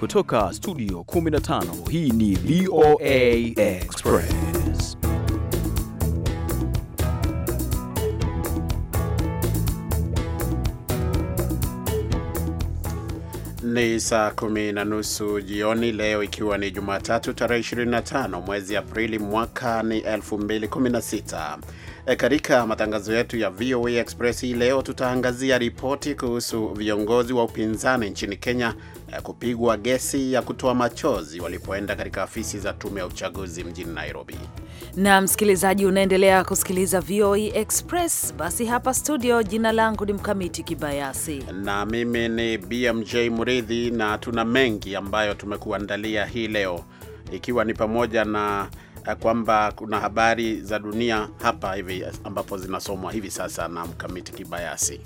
Kutoka studio 15 hii ni VOA Express. Ni saa kumi na nusu jioni leo, ikiwa ni Jumatatu tarehe 25 mwezi Aprili mwaka ni 2016. E, katika matangazo yetu ya VOA Express hii leo tutaangazia ripoti kuhusu viongozi wa upinzani nchini Kenya e, kupigwa gesi ya kutoa machozi walipoenda katika afisi za tume ya uchaguzi mjini Nairobi. Na msikilizaji, unaendelea kusikiliza VOA Express. Basi hapa studio, jina langu ni Mkamiti Kibayasi na mimi ni BMJ Muridhi, na tuna mengi ambayo tumekuandalia hii leo ikiwa ni pamoja na Eh, kwamba kuna habari za dunia hapa hivi ambapo zinasomwa hivi sasa na Mkamiti Kibayasi.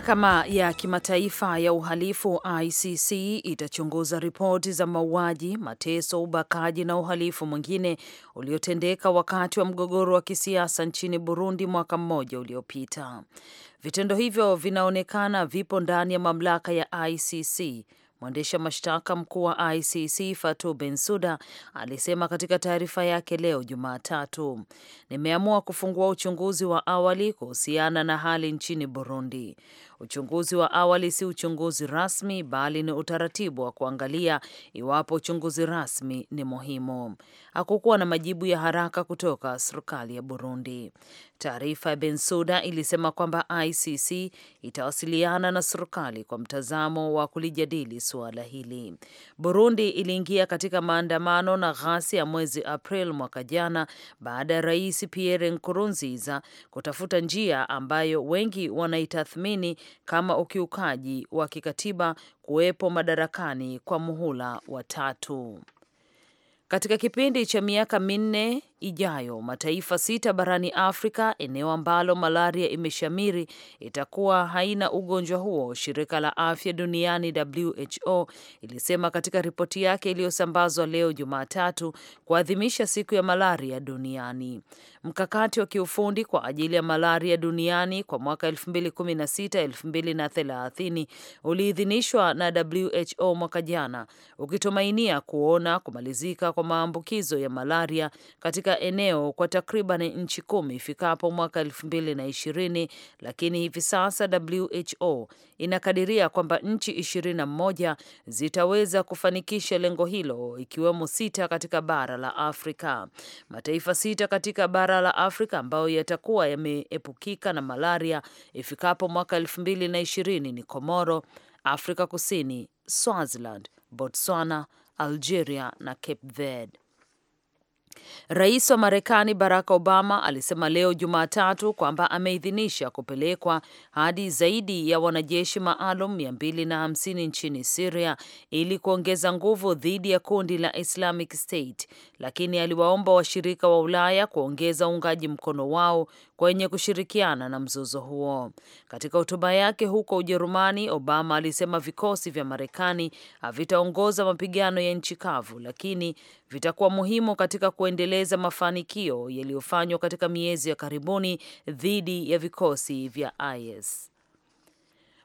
Mahakama ya Kimataifa ya Uhalifu ICC itachunguza ripoti za mauaji, mateso, ubakaji na uhalifu mwingine uliotendeka wakati wa mgogoro wa kisiasa nchini Burundi mwaka mmoja uliopita. Vitendo hivyo vinaonekana vipo ndani ya mamlaka ya ICC. Mwendesha mashtaka mkuu wa ICC Fatou Bensouda alisema katika taarifa yake leo Jumatatu, nimeamua kufungua uchunguzi wa awali kuhusiana na hali nchini Burundi. Uchunguzi wa awali si uchunguzi rasmi, bali ni utaratibu wa kuangalia iwapo uchunguzi rasmi ni muhimu. Hakukuwa na majibu ya haraka kutoka serikali ya Burundi. Taarifa ya Bensuda ilisema kwamba ICC itawasiliana na serikali kwa mtazamo wa kulijadili suala hili. Burundi iliingia katika maandamano na ghasia mwezi April mwaka jana baada ya Rais Pierre Nkurunziza kutafuta njia ambayo wengi wanaitathmini kama ukiukaji wa kikatiba kuwepo madarakani kwa muhula wa tatu. Katika kipindi cha miaka minne ijayo mataifa sita barani Afrika, eneo ambalo malaria imeshamiri, itakuwa haina ugonjwa huo, shirika la afya duniani WHO ilisema katika ripoti yake iliyosambazwa leo Jumatatu kuadhimisha siku ya malaria duniani. Mkakati wa kiufundi kwa ajili ya malaria duniani kwa mwaka 2016-2030 uliidhinishwa na WHO mwaka jana, ukitumainia kuona kumalizika kwa maambukizo ya malaria katika katika eneo kwa takriban nchi kumi ifikapo mwaka elfu mbili na ishirini, lakini hivi sasa WHO inakadiria kwamba nchi ishirini na moja zitaweza kufanikisha lengo hilo ikiwemo sita katika bara la Afrika. Mataifa sita katika bara la Afrika ambayo yatakuwa yameepukika na malaria ifikapo mwaka elfu mbili na ishirini ni Komoro, Afrika Kusini, Swaziland, Botswana, Algeria na Cape Verde. Rais wa Marekani Barack Obama alisema leo Jumatatu kwamba ameidhinisha kupelekwa hadi zaidi ya wanajeshi maalum 250 nchini Siria ili kuongeza nguvu dhidi ya kundi la Islamic State, lakini aliwaomba washirika wa Ulaya kuongeza uungaji mkono wao kwenye kushirikiana na mzozo huo. Katika hotuba yake huko Ujerumani, Obama alisema vikosi vya Marekani havitaongoza mapigano ya nchi kavu, lakini vitakuwa muhimu katika kuendeleza mafanikio yaliyofanywa katika miezi ya karibuni dhidi ya vikosi vya IS.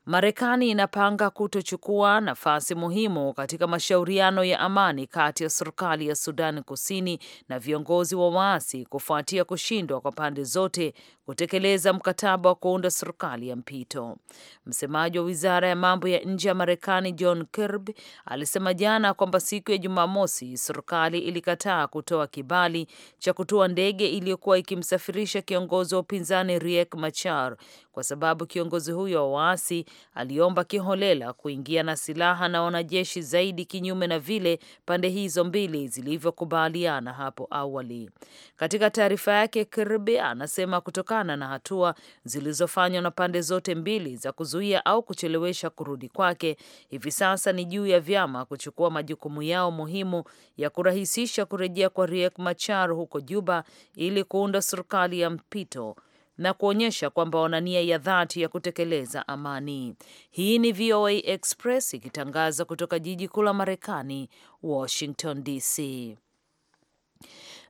Marekani inapanga kutochukua nafasi muhimu katika mashauriano ya amani kati ya serikali ya sudani Kusini na viongozi wa waasi kufuatia kushindwa kwa pande zote kutekeleza mkataba wa kuunda serikali ya mpito. Msemaji wa wizara ya mambo ya nje ya Marekani John Kirby alisema jana kwamba siku ya Jumamosi serikali ilikataa kutoa kibali cha kutua ndege iliyokuwa ikimsafirisha kiongozi wa upinzani Riek Machar kwa sababu kiongozi huyo wa waasi aliomba kiholela kuingia na silaha na wanajeshi zaidi, kinyume na vile pande hizo mbili zilivyokubaliana hapo awali. Katika taarifa yake, Kirby anasema kutokana na hatua zilizofanywa na pande zote mbili za kuzuia au kuchelewesha kurudi kwake, hivi sasa ni juu ya vyama kuchukua majukumu yao muhimu ya kurahisisha kurejea kwa Riek Machar huko Juba ili kuunda serikali ya mpito na kuonyesha kwamba wana nia ya dhati ya kutekeleza amani. Hii ni VOA Express ikitangaza kutoka jiji kuu la Marekani, Washington DC.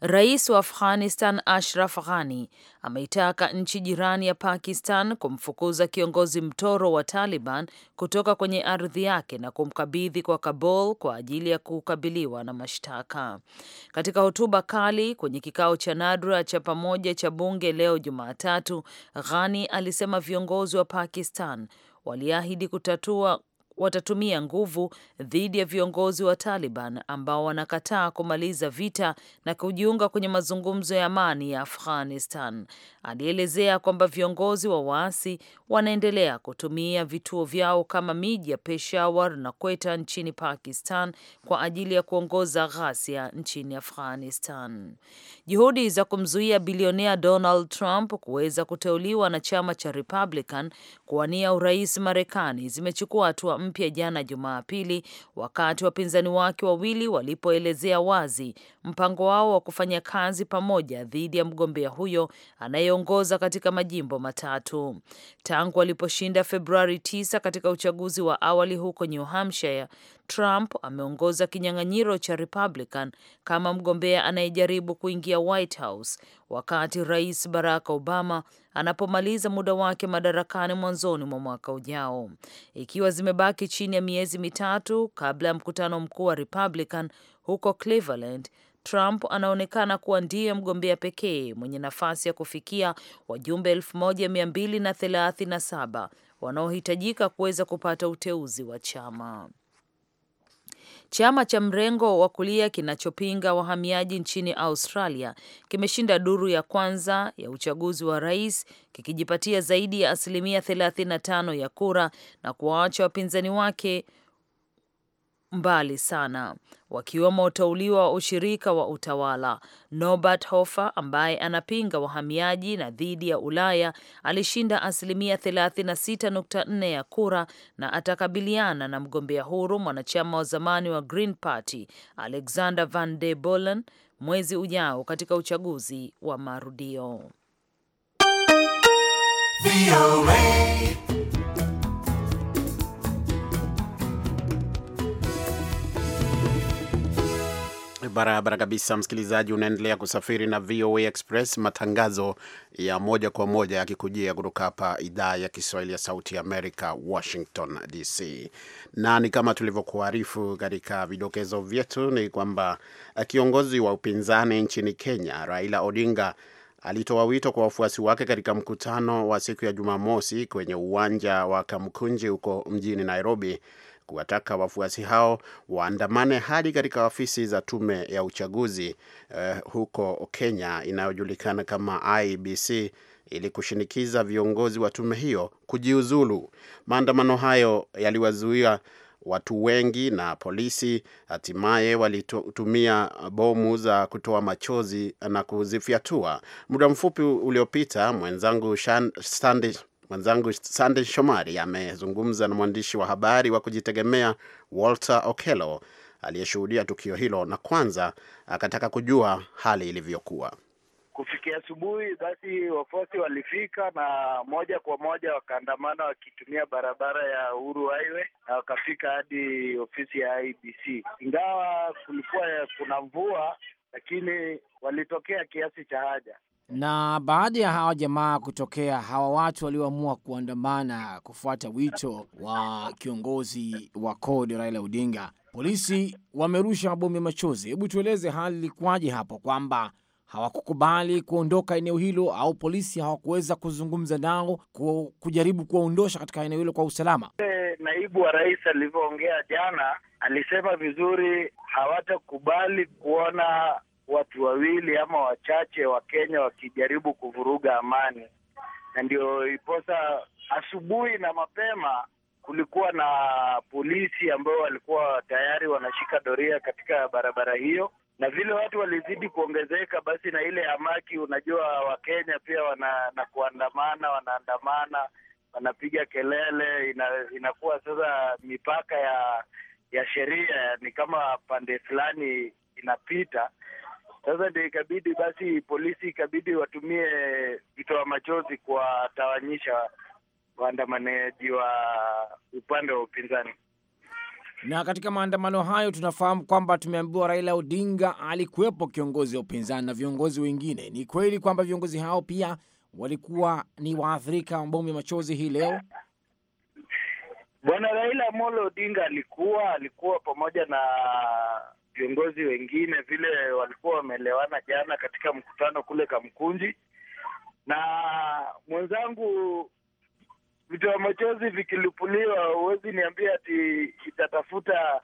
Rais wa Afghanistan Ashraf Ghani ameitaka nchi jirani ya Pakistan kumfukuza kiongozi mtoro wa Taliban kutoka kwenye ardhi yake na kumkabidhi kwa Kabul kwa ajili ya kukabiliwa na mashtaka. Katika hotuba kali kwenye kikao cha nadra cha pamoja cha bunge leo Jumatatu, Ghani alisema viongozi wa Pakistan waliahidi kutatua watatumia nguvu dhidi ya viongozi wa Taliban ambao wanakataa kumaliza vita na kujiunga kwenye mazungumzo ya amani ya Afghanistan. Alielezea kwamba viongozi wa waasi wanaendelea kutumia vituo vyao kama miji ya Peshawar na Quetta nchini Pakistan kwa ajili ya kuongoza ghasia nchini Afghanistan. Juhudi za kumzuia bilionea Donald Trump kuweza kuteuliwa na chama cha Republican kuwania urais Marekani zimechukua hatua mpya jana Jumapili, wakati wapinzani wake wawili walipoelezea wazi mpango wao wa kufanya kazi pamoja dhidi ya mgombea huyo anayeongoza katika majimbo matatu tangu aliposhinda Februari 9 katika uchaguzi wa awali huko New Hampshire. Trump ameongoza kinyang'anyiro cha Republican kama mgombea anayejaribu kuingia White House wakati Rais Barack Obama anapomaliza muda wake madarakani mwanzoni mwa mwaka ujao, ikiwa zimebaki chini ya miezi mitatu kabla ya mkutano mkuu wa Republican huko Cleveland. Trump anaonekana kuwa ndiye mgombea pekee mwenye nafasi ya kufikia wajumbe 1237 wanaohitajika kuweza kupata uteuzi wa chama. Chama cha mrengo wa kulia kinachopinga wahamiaji nchini Australia kimeshinda duru ya kwanza ya uchaguzi wa rais kikijipatia zaidi ya asilimia 35 ya kura na kuwaacha wapinzani wake mbali sana, wakiwemo wateuliwa wa ushirika wa utawala. Norbert Hofer ambaye anapinga wahamiaji na dhidi ya Ulaya alishinda asilimia 36.4 ya kura na atakabiliana na mgombea huru mwanachama wa zamani wa Green Party Alexander Van de bolen mwezi ujao katika uchaguzi wa marudio. barabara kabisa, msikilizaji, unaendelea kusafiri na VOA Express, matangazo ya moja kwa moja yakikujia kutoka hapa idhaa ya Kiswahili ya Sauti ya Amerika, Washington DC. Na ni kama tulivyokuarifu katika vidokezo vyetu, ni kwamba eh, kiongozi wa upinzani nchini Kenya Raila Odinga alitoa wito kwa wafuasi wake katika mkutano wa siku ya Jumamosi kwenye uwanja wa Kamkunji huko mjini Nairobi kuwataka wafuasi hao waandamane hadi katika ofisi za tume ya uchaguzi eh, huko Kenya inayojulikana kama ibc ili kushinikiza viongozi wa tume hiyo kujiuzulu. Maandamano hayo yaliwazuia watu wengi na polisi hatimaye walitumia bomu za kutoa machozi na kuzifyatua. Muda mfupi uliopita mwenzangu Stan, Mwenzangu Sande Shomari amezungumza na mwandishi wa habari wa kujitegemea Walter Okello aliyeshuhudia tukio hilo, na kwanza akataka kujua hali ilivyokuwa. Kufikia asubuhi, basi wafuasi walifika na moja kwa moja wakaandamana wakitumia barabara ya Uhuru Highway na wakafika hadi ofisi ya IBC. Ingawa kulikuwa kuna mvua, lakini walitokea kiasi cha haja. Na baada ya hawa jamaa kutokea, hawa watu walioamua kuandamana kufuata wito wa kiongozi wa CORD Raila Odinga, polisi wamerusha mabomu ya machozi. Hebu tueleze hali ilikuwaje hapo, kwamba hawakukubali kuondoka eneo hilo au polisi hawakuweza kuzungumza nao kujaribu kuwaondosha katika eneo hilo kwa usalama? Naibu wa rais alivyoongea jana alisema vizuri, hawatakubali kuona watu wawili ama wachache wa Kenya wakijaribu kuvuruga amani, na ndio iposa asubuhi na mapema kulikuwa na polisi ambao walikuwa tayari wanashika doria katika barabara hiyo, na vile watu walizidi kuongezeka, basi na ile hamaki, unajua Wakenya pia wana na kuandamana, wanaandamana, wanapiga kelele, ina, inakuwa sasa mipaka ya ya sheria ni kama pande fulani inapita sasa ndio ikabidi basi polisi ikabidi watumie vitoa machozi kuwatawanyisha waandamanaji wa upande wa upinzani. Na katika maandamano hayo tunafahamu kwamba tumeambiwa Raila Odinga alikuwepo, kiongozi wa upinzani na viongozi wengine. Ni kweli kwamba viongozi hao pia walikuwa ni waathirika wa mabomu ya machozi hii leo? Bwana Raila Amolo Odinga alikuwa alikuwa pamoja na viongozi wengine vile walikuwa wameelewana jana katika mkutano kule Kamkunji, na mwenzangu, vitoa machozi vikilipuliwa, huwezi niambia ati itatafuta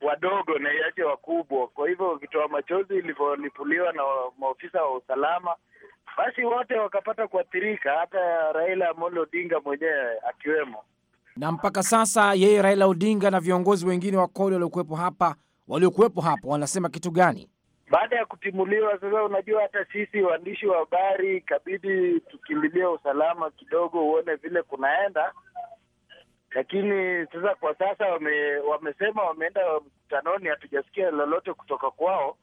wadogo na iache wakubwa. Kwa hivyo vitoa machozi ilivyolipuliwa na maofisa wa usalama, basi wote wakapata kuathirika, hata Raila Amolo Odinga mwenyewe akiwemo. Na mpaka sasa yeye Raila Odinga na viongozi wengine wa kodi waliokuwepo hapa waliokuwepo hapo wanasema kitu gani baada ya kutimuliwa? Sasa unajua, hata sisi waandishi wa habari ikabidi tukimbilia usalama kidogo, uone vile kunaenda. Lakini sasa kwa sasa wame, wamesema wameenda mkutanoni, hatujasikia lolote kutoka kwao,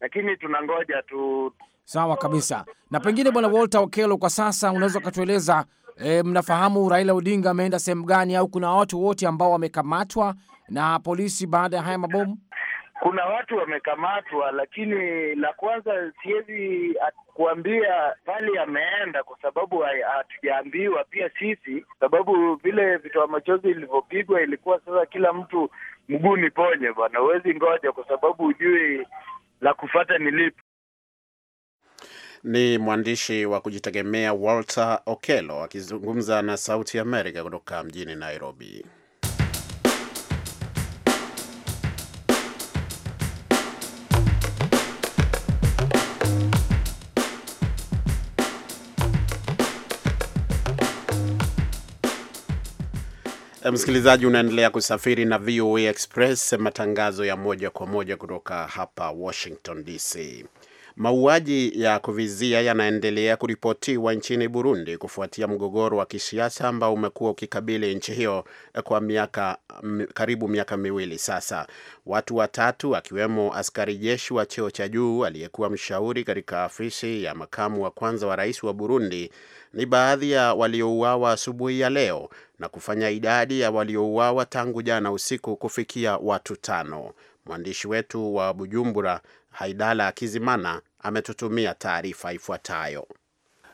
lakini tunangoja tu. Sawa kabisa. Na pengine Bwana Walter Okelo, kwa sasa unaweza ukatueleza E, mnafahamu Raila Odinga ameenda sehemu gani au kuna watu wote ambao wamekamatwa na polisi baada ya haya mabomu? kuna watu wamekamatwa, lakini la kwanza siwezi kuambia pale ameenda kwa sababu hatujaambiwa pia sisi, sababu vile vitoa machozi ilivyopigwa ilikuwa sasa kila mtu mguu ni ponye bwana, huwezi ngoja kwa sababu hujui la kufata ni lipi. Ni mwandishi wa kujitegemea Walter okelo akizungumza na Sauti Amerika kutoka mjini Nairobi. Eh, msikilizaji, unaendelea kusafiri na VOA Express, matangazo ya moja kwa moja kutoka hapa Washington DC. Mauaji ya kuvizia yanaendelea kuripotiwa nchini Burundi kufuatia mgogoro wa kisiasa ambao umekuwa ukikabili nchi hiyo kwa miaka m, karibu miaka miwili sasa. Watu watatu akiwemo askari jeshi wa cheo cha juu aliyekuwa mshauri katika afisi ya makamu wa kwanza wa rais wa Burundi ni baadhi ya waliouawa asubuhi ya leo na kufanya idadi ya waliouawa tangu jana usiku kufikia watu tano. Mwandishi wetu wa Bujumbura Haidala Kizimana ametutumia taarifa ifuatayo.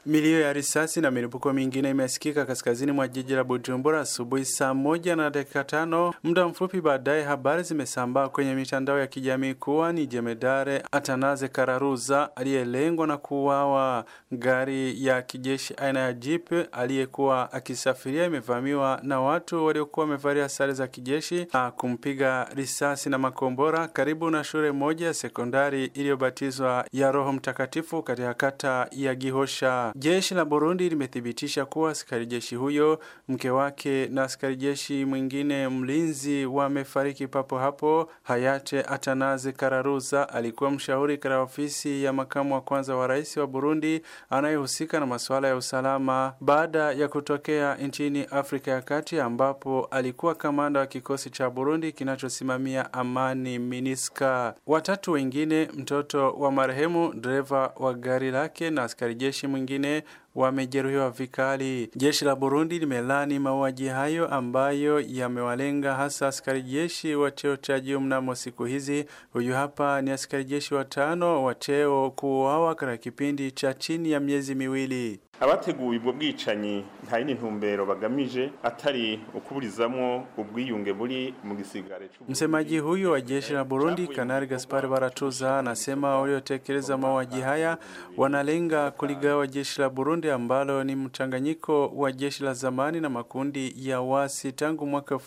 Milio ya risasi na milipuko mingine imesikika kaskazini mwa jiji la Bujumbura asubuhi saa moja na dakika tano. Muda mfupi baadaye, habari zimesambaa kwenye mitandao ya kijamii kuwa ni jemedare Atanaze Kararuza aliyelengwa na kuuawa. Gari ya kijeshi aina ya jeep aliyekuwa akisafiria imevamiwa na watu waliokuwa wamevalia sare za kijeshi na kumpiga risasi na makombora karibu na shule moja ya sekondari iliyobatizwa ya Roho Mtakatifu katika kata ya Gihosha. Jeshi la Burundi limethibitisha kuwa askari jeshi huyo, mke wake na askari jeshi mwingine mlinzi wamefariki papo hapo. Hayate Atanaze Kararuza alikuwa mshauri katika ofisi ya makamu wa kwanza wa rais wa Burundi anayehusika na masuala ya usalama baada ya kutokea nchini Afrika ya Kati, ambapo alikuwa kamanda wa kikosi cha Burundi kinachosimamia amani MINISCA. Watatu wengine, mtoto wa marehemu, dereva wa gari lake na askari jeshi mwingine ने wamejeruhiwa vikali. Jeshi la Burundi limelani mauaji hayo ambayo yamewalenga hasa askari jeshi wa cheo cha juu mnamo siku hizi. Huyu hapa ni askari jeshi watano wa cheo kuuawa katika kipindi cha chini ya miezi miwili. abateguye ubwo bwicanyi nta yindi ntumbero bagamije atari ukuburizamwo ubwiyunge buri mu gisigare. Msemaji huyu wa jeshi la Burundi Kanari Gaspar Baratuza anasema waliotekeleza mauaji haya wanalenga kuligawa jeshi la Burundi kundi ambalo ni mchanganyiko wa jeshi la zamani na makundi ya wasi tangu mwaka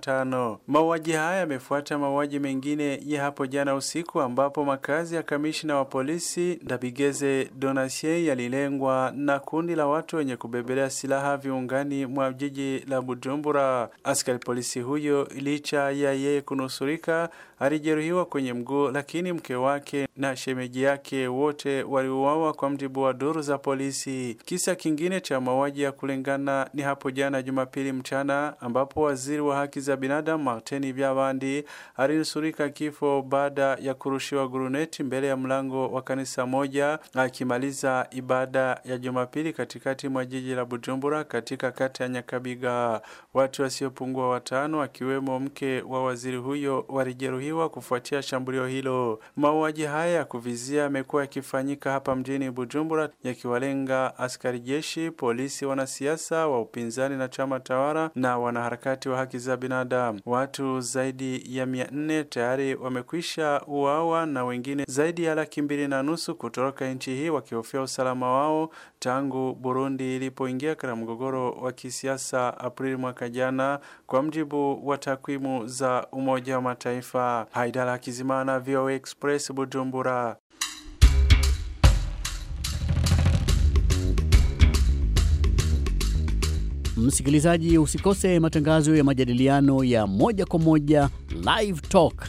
tano. Mauaji haya yamefuata mauaji mengine ya hapo jana usiku ambapo makazi ya kamishina wa polisi Ndabigeze Donasie yalilengwa na kundi la watu wenye kubebelea silaha viungani mwa jiji la Bujumbura. Askari polisi huyo licha ya yeye kunusurika alijeruhiwa kwenye mguu, lakini mke wake na shemeji yake wote waliuawa kwa mjibu wa duru za polisi. Kisa kingine cha mauaji ya kulingana ni hapo jana Jumapili mchana ambapo waziri wa haki za binadamu Martin vyavandi alinusurika kifo baada ya kurushiwa guruneti mbele ya mlango wa kanisa moja akimaliza ibada ya Jumapili katikati mwa jiji la Bujumbura katika kata ya Nyakabiga. Watu wasiopungua watano akiwemo mke wa waziri huyo walijeruhiwa kujeruhiwa kufuatia shambulio hilo. Mauaji haya ya kuvizia yamekuwa yakifanyika hapa mjini Bujumbura, yakiwalenga askari jeshi, polisi, wanasiasa wa upinzani na chama tawala na wanaharakati wa haki za binadamu. Watu zaidi ya mia nne tayari wamekwisha uawa na wengine zaidi ya laki mbili na nusu kutoroka nchi hii wakihofia usalama wao tangu Burundi ilipoingia katika mgogoro wa kisiasa Aprili mwaka jana, kwa mjibu wa takwimu za Umoja wa Mataifa. Haidara Kizimana, VOA Express, Bujumbura. Msikilizaji, usikose matangazo ya majadiliano ya moja kwa moja Live Talk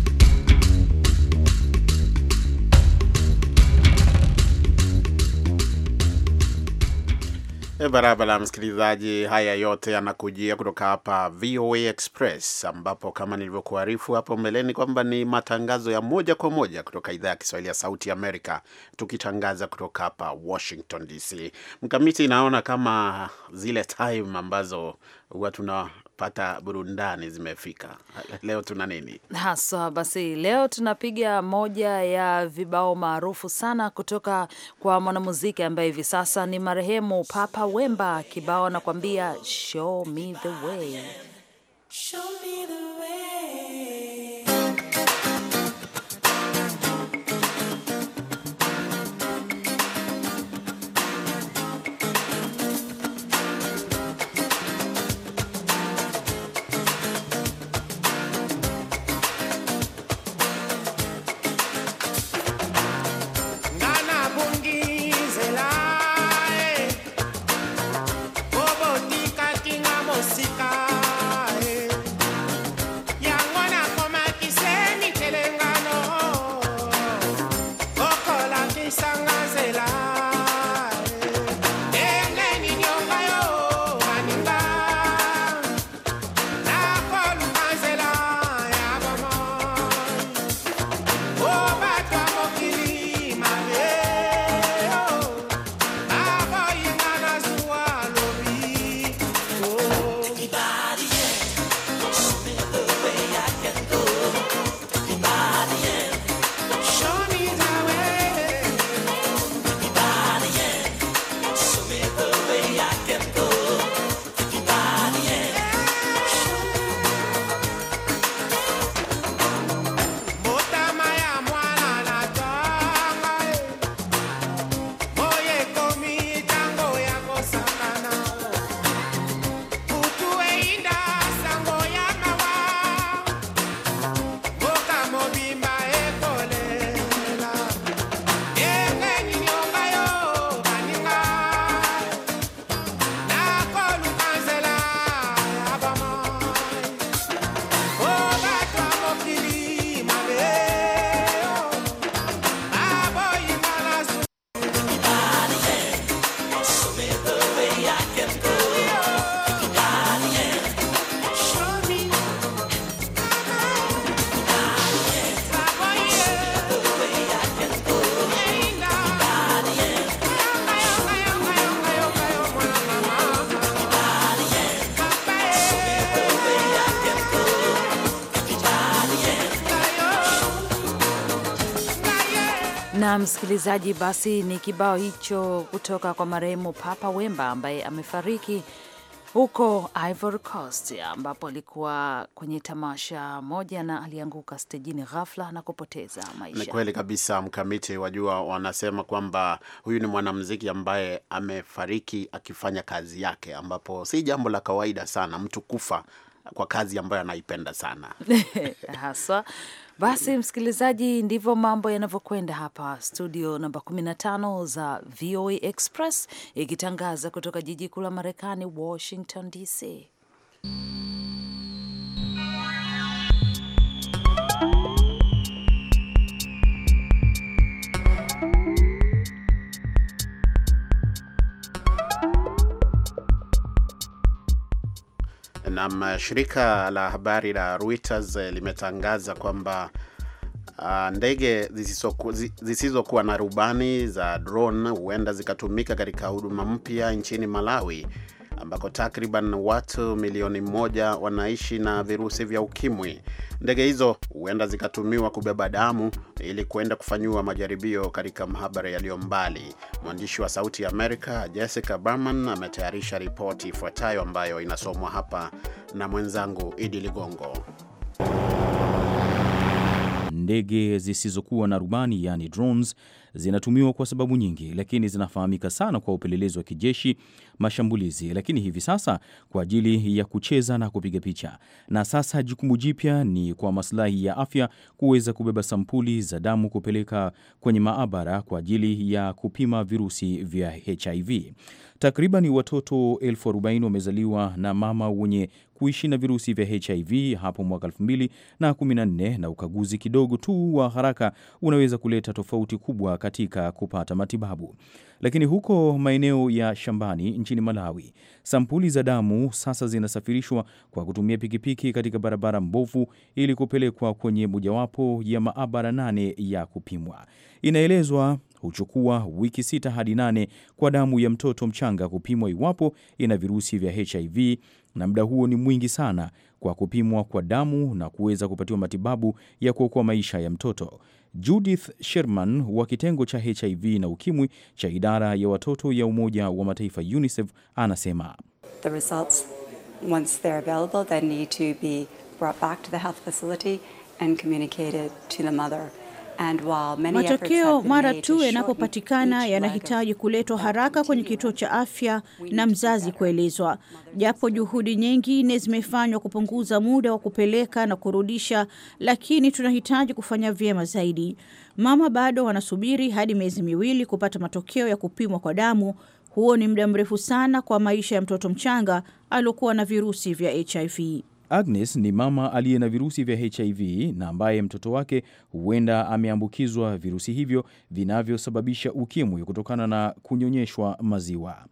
Eh, barabara msikilizaji, haya yote yanakujia kutoka hapa VOA Express, ambapo kama nilivyokuarifu hapo mbeleni kwamba ni matangazo ya moja kwa moja kutoka idhaa ya Kiswahili ya Sauti Amerika, tukitangaza kutoka hapa Washington DC. Mkamiti, naona kama zile time ambazo huwa tuna kupata burundani zimefika. Leo tuna nini haswa? Basi leo tunapiga moja ya vibao maarufu sana kutoka kwa mwanamuziki ambaye hivi sasa ni marehemu Papa Wemba. Kibao anakuambia show me the way, show me the way. bye. msikilizaji, basi ni kibao hicho kutoka kwa marehemu Papa Wemba ambaye amefariki huko Ivory Coast ambapo alikuwa kwenye tamasha moja na alianguka stejini ghafla na kupoteza maisha. Ni kweli kabisa, mkamiti. Wajua, wanasema kwamba huyu ni mwanamuziki ambaye amefariki akifanya kazi yake, ambapo si jambo la kawaida sana mtu kufa kwa kazi ambayo anaipenda sana haswa basi msikilizaji, ndivyo mambo yanavyokwenda hapa studio namba 15 za VOA Express ikitangaza kutoka jiji kuu la Marekani, Washington DC. Na shirika la habari la Reuters eh, limetangaza kwamba Uh, ndege zisizokuwa na rubani za drone huenda zikatumika katika huduma mpya nchini Malawi ambako takriban watu milioni moja wanaishi na virusi vya ukimwi. Ndege hizo huenda zikatumiwa kubeba damu ili kuenda kufanyiwa majaribio katika mahabara yaliyo mbali. Mwandishi wa Sauti ya Amerika Jessica Berman ametayarisha ripoti ifuatayo ambayo inasomwa hapa na mwenzangu Idi Ligongo. Ndege zisizokuwa na rubani yaani drones zinatumiwa kwa sababu nyingi, lakini zinafahamika sana kwa upelelezi wa kijeshi, mashambulizi, lakini hivi sasa kwa ajili ya kucheza na kupiga picha. Na sasa jukumu jipya ni kwa maslahi ya afya, kuweza kubeba sampuli za damu kupeleka kwenye maabara kwa ajili ya kupima virusi vya HIV. Takriban watoto elfu arobaini wamezaliwa na mama wenye kuishi na virusi vya HIV hapo mwaka 214 na, na ukaguzi kidogo tu wa haraka unaweza kuleta tofauti kubwa katika kupata matibabu. Lakini huko maeneo ya shambani nchini Malawi, sampuli za damu sasa zinasafirishwa kwa kutumia pikipiki katika barabara mbovu ili kupelekwa kwenye mojawapo ya maabara nane ya kupimwa. Inaelezwa huchukua wiki sita hadi nane kwa damu ya mtoto mchanga kupimwa iwapo ina virusi vya HIV, na muda huo ni mwingi sana kwa kupimwa kwa damu na kuweza kupatiwa matibabu ya kuokoa maisha ya mtoto. Judith Sherman wa kitengo cha HIV na ukimwi cha idara ya watoto ya Umoja wa Mataifa UNICEF anasema the results, once they're available, they need to be brought back to the health facility and communicated to the mother. Matokeo mara tu yanapopatikana yanahitaji kuletwa haraka kwenye kituo cha afya na mzazi kuelezwa. Japo juhudi nyingine zimefanywa kupunguza muda wa kupeleka na kurudisha, lakini tunahitaji kufanya vyema zaidi. Mama bado wanasubiri hadi miezi miwili kupata matokeo ya kupimwa kwa damu. Huo ni muda mrefu sana kwa maisha ya mtoto mchanga aliokuwa na virusi vya HIV. Agnes ni mama aliye na virusi vya HIV na ambaye mtoto wake huenda ameambukizwa virusi hivyo vinavyosababisha ukimwi kutokana na kunyonyeshwa maziwa.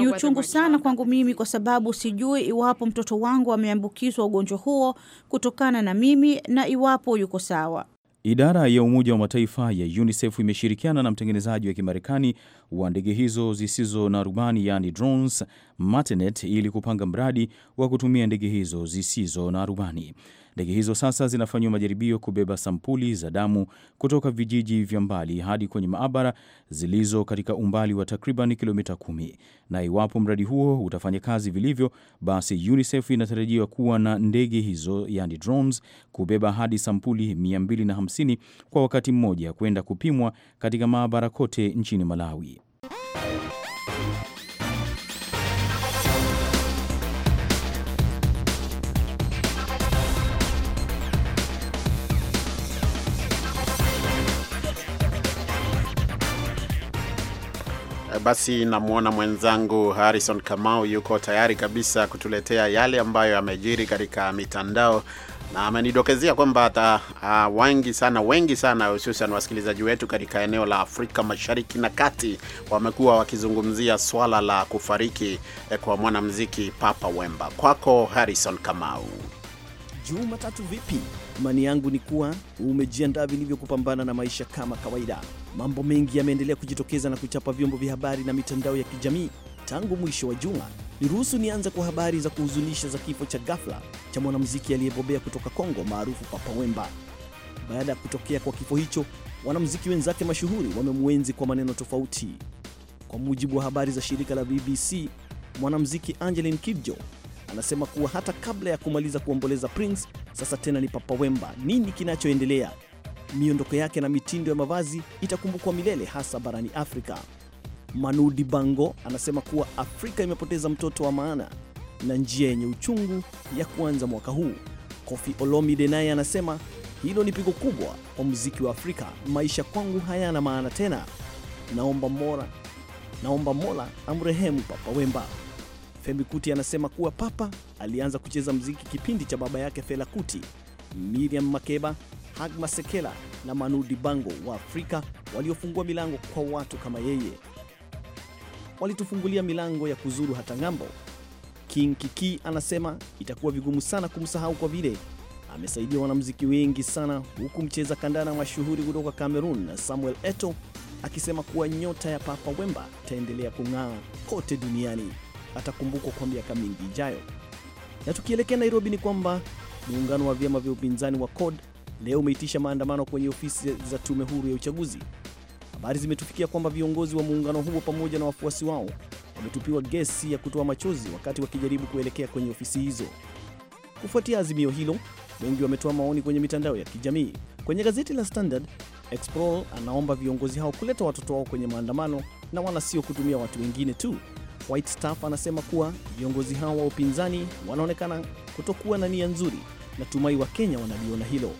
Ni uchungu sana kwangu mimi kwa sababu sijui iwapo mtoto wangu ameambukizwa ugonjwa huo kutokana na mimi na iwapo yuko sawa. Idara ya Umoja wa Mataifa ya UNICEF imeshirikiana na mtengenezaji wa Kimarekani wa ndege hizo zisizo na rubani yaani drones Martinet ili kupanga mradi wa kutumia ndege hizo zisizo na rubani. Ndege hizo sasa zinafanyiwa majaribio kubeba sampuli za damu kutoka vijiji vya mbali hadi kwenye maabara zilizo katika umbali wa takriban kilomita kumi, na iwapo mradi huo utafanya kazi vilivyo, basi UNICEF inatarajiwa kuwa na ndege hizo, yani drones, kubeba hadi sampuli 250 kwa wakati mmoja kwenda kupimwa katika maabara kote nchini Malawi. Eh, basi namwona mwenzangu Harrison Kamau yuko tayari kabisa kutuletea yale ambayo yamejiri katika mitandao na amenidokezea kwamba hata uh, ah, wengi sana wengi sana hususan wasikilizaji wetu katika eneo la Afrika Mashariki na Kati wamekuwa wakizungumzia swala la kufariki eh, kwa mwanamuziki Papa Wemba. Kwako Harrison Kamau. Jumatatu vipi? Imani yangu ni kuwa umejiandaa vilivyo kupambana na maisha kama kawaida mambo mengi yameendelea kujitokeza na kuchapa vyombo vya habari na mitandao ya kijamii tangu mwisho wa juma. Niruhusu nianze kwa habari za kuhuzunisha za kifo cha ghafla cha mwanamuziki aliyebobea kutoka Kongo maarufu Papa Wemba. Baada ya kutokea kwa kifo hicho, wanamuziki wenzake mashuhuri wamemwenzi kwa maneno tofauti. Kwa mujibu wa habari za shirika la BBC, mwanamuziki Angeline Kidjo anasema kuwa hata kabla ya kumaliza kuomboleza Prince, sasa tena ni Papa Wemba. Nini kinachoendelea? miondoko yake na mitindo ya mavazi itakumbukwa milele, hasa barani Afrika. Manu Dibango anasema kuwa Afrika imepoteza mtoto wa maana na njia yenye uchungu ya kuanza mwaka huu. Kofi Olomide naye anasema hilo ni pigo kubwa kwa muziki wa Afrika. Maisha kwangu hayana maana tena, naomba Mola, naomba Mola amrehemu Papa Wemba. Femi Kuti anasema kuwa Papa alianza kucheza muziki kipindi cha baba yake Fela Kuti. Miriam Makeba Agma Sekela na Manu Dibango wa Afrika waliofungua milango kwa watu kama yeye. Walitufungulia milango ya kuzuru hata ng'ambo. King Kiki anasema itakuwa vigumu sana kumsahau kwa vile amesaidia wanamuziki wengi sana, huku mcheza kandana mashuhuri kutoka Cameroon na Samuel Eto akisema kuwa nyota ya Papa Wemba itaendelea kung'aa kote duniani, atakumbukwa kwa miaka mingi ijayo. Na tukielekea Nairobi, ni kwamba muungano wa vyama vya upinzani wa CORD leo umeitisha maandamano kwenye ofisi za tume huru ya uchaguzi. Habari zimetufikia kwamba viongozi wa muungano huo pamoja na wafuasi wao wametupiwa gesi ya kutoa machozi wakati wakijaribu kuelekea kwenye ofisi hizo. Kufuatia azimio hilo, wengi wametoa maoni kwenye mitandao ya kijamii. Kwenye gazeti la Standard, Exprol anaomba viongozi hao kuleta watoto wao kwenye maandamano na wala sio kutumia watu wengine tu. White Staff anasema kuwa viongozi hao wa upinzani wanaonekana kutokuwa na nia nzuri, na tumai wa kenya wanaliona hilo.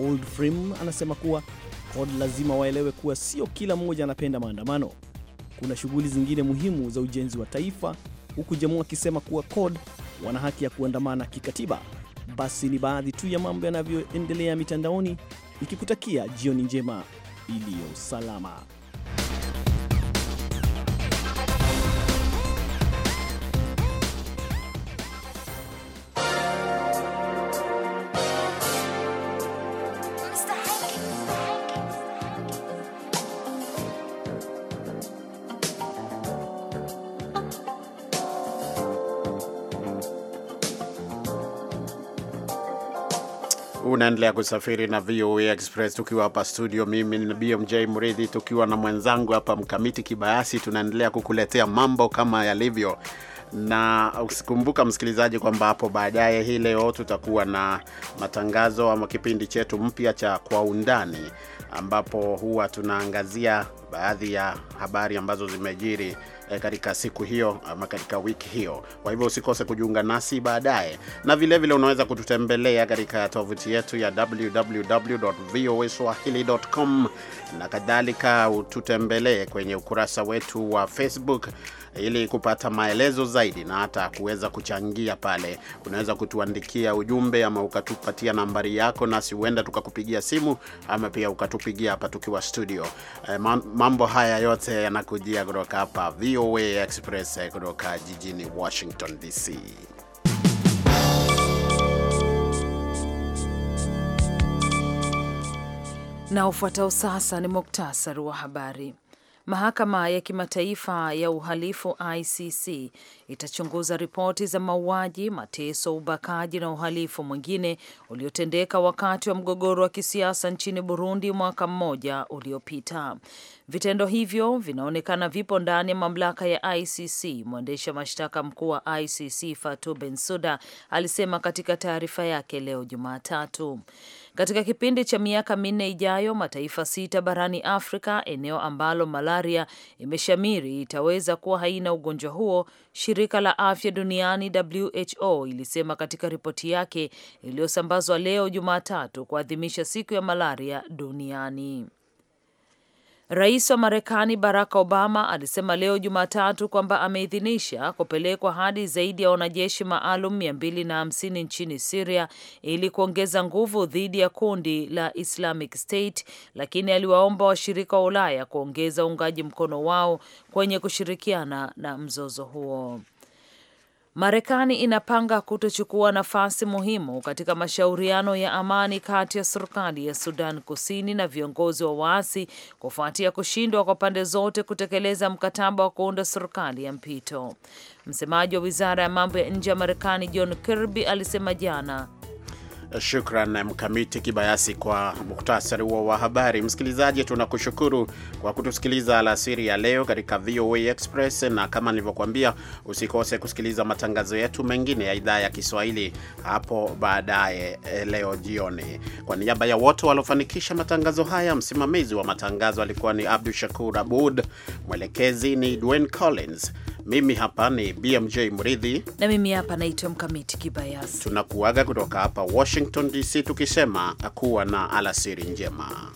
Old Frim anasema kuwa cod lazima waelewe kuwa sio kila mmoja anapenda maandamano. Kuna shughuli zingine muhimu za ujenzi wa taifa, huku Jamu akisema kuwa cod wana haki ya kuandamana kikatiba. Basi ni baadhi tu ya mambo yanavyoendelea mitandaoni, ikikutakia jioni njema iliyo salama. Unaendelea kusafiri na VOA Express tukiwa hapa studio, mimi ni BMJ Mridhi, tukiwa na mwenzangu hapa Mkamiti Kibayasi. Tunaendelea kukuletea mambo kama yalivyo, na usikumbuka msikilizaji kwamba hapo baadaye hii leo tutakuwa na matangazo ama kipindi chetu mpya cha Kwa Undani, ambapo huwa tunaangazia baadhi ya habari ambazo zimejiri eh, katika siku hiyo ama katika wiki hiyo. Kwa hivyo usikose kujiunga nasi baadaye, na vilevile vile unaweza kututembelea katika tovuti yetu ya www.voaswahili.com na kadhalika, ututembelee kwenye ukurasa wetu wa Facebook ili kupata maelezo zaidi na hata kuweza kuchangia pale. Unaweza kutuandikia ujumbe ama ukatupatia nambari yako, nasi huenda tukakupigia simu ama pia ukatupigia hapa tukiwa studio. Eh, mambo haya yote yanakujia kutoka hapa VOA VOA Express kutoka jijini Washington DC. Na ufuatao sasa ni muktasari wa habari. Mahakama ya Kimataifa ya Uhalifu ICC itachunguza ripoti za mauaji, mateso, ubakaji na uhalifu mwingine uliotendeka wakati wa mgogoro wa kisiasa nchini Burundi mwaka mmoja uliopita. Vitendo hivyo vinaonekana vipo ndani ya mamlaka ya ICC. Mwendesha mashtaka mkuu wa ICC Fatou Bensouda alisema katika taarifa yake leo Jumatatu. Katika kipindi cha miaka minne ijayo, mataifa sita barani Afrika, eneo ambalo malaria imeshamiri, itaweza kuwa haina ugonjwa huo, shirika la afya duniani WHO ilisema katika ripoti yake iliyosambazwa leo Jumatatu kuadhimisha siku ya malaria duniani. Rais wa Marekani Barack Obama alisema leo Jumatatu kwamba ameidhinisha kupelekwa hadi zaidi ya wanajeshi maalum 250 nchini Siria ili kuongeza nguvu dhidi ya kundi la Islamic State, lakini aliwaomba washirika wa Ulaya kuongeza uungaji mkono wao kwenye kushirikiana na mzozo huo. Marekani inapanga kutochukua nafasi muhimu katika mashauriano ya amani kati ya serikali ya Sudan Kusini na viongozi wa waasi kufuatia kushindwa kwa pande zote kutekeleza mkataba wa kuunda serikali ya mpito. Msemaji wa wizara ya mambo ya nje ya Marekani John Kirby alisema jana Shukran Mkamiti Kibayasi kwa muktasari huo wa habari. Msikilizaji, tunakushukuru kwa kutusikiliza alasiri ya leo katika VOA Express, na kama nilivyokuambia, usikose kusikiliza matangazo yetu mengine ya idhaa ya Kiswahili hapo baadaye eh, leo jioni. Kwa niaba ya wote waliofanikisha matangazo haya, msimamizi wa matangazo alikuwa ni Abdu Shakur Abud, mwelekezi ni Dwayne Collins. Mimi hapa ni BMJ Mridhi na mimi hapa naitwa Mkamiti Kibayasi. Tunakuaga kutoka hapa Washington DC tukisema kuwa na alasiri njema.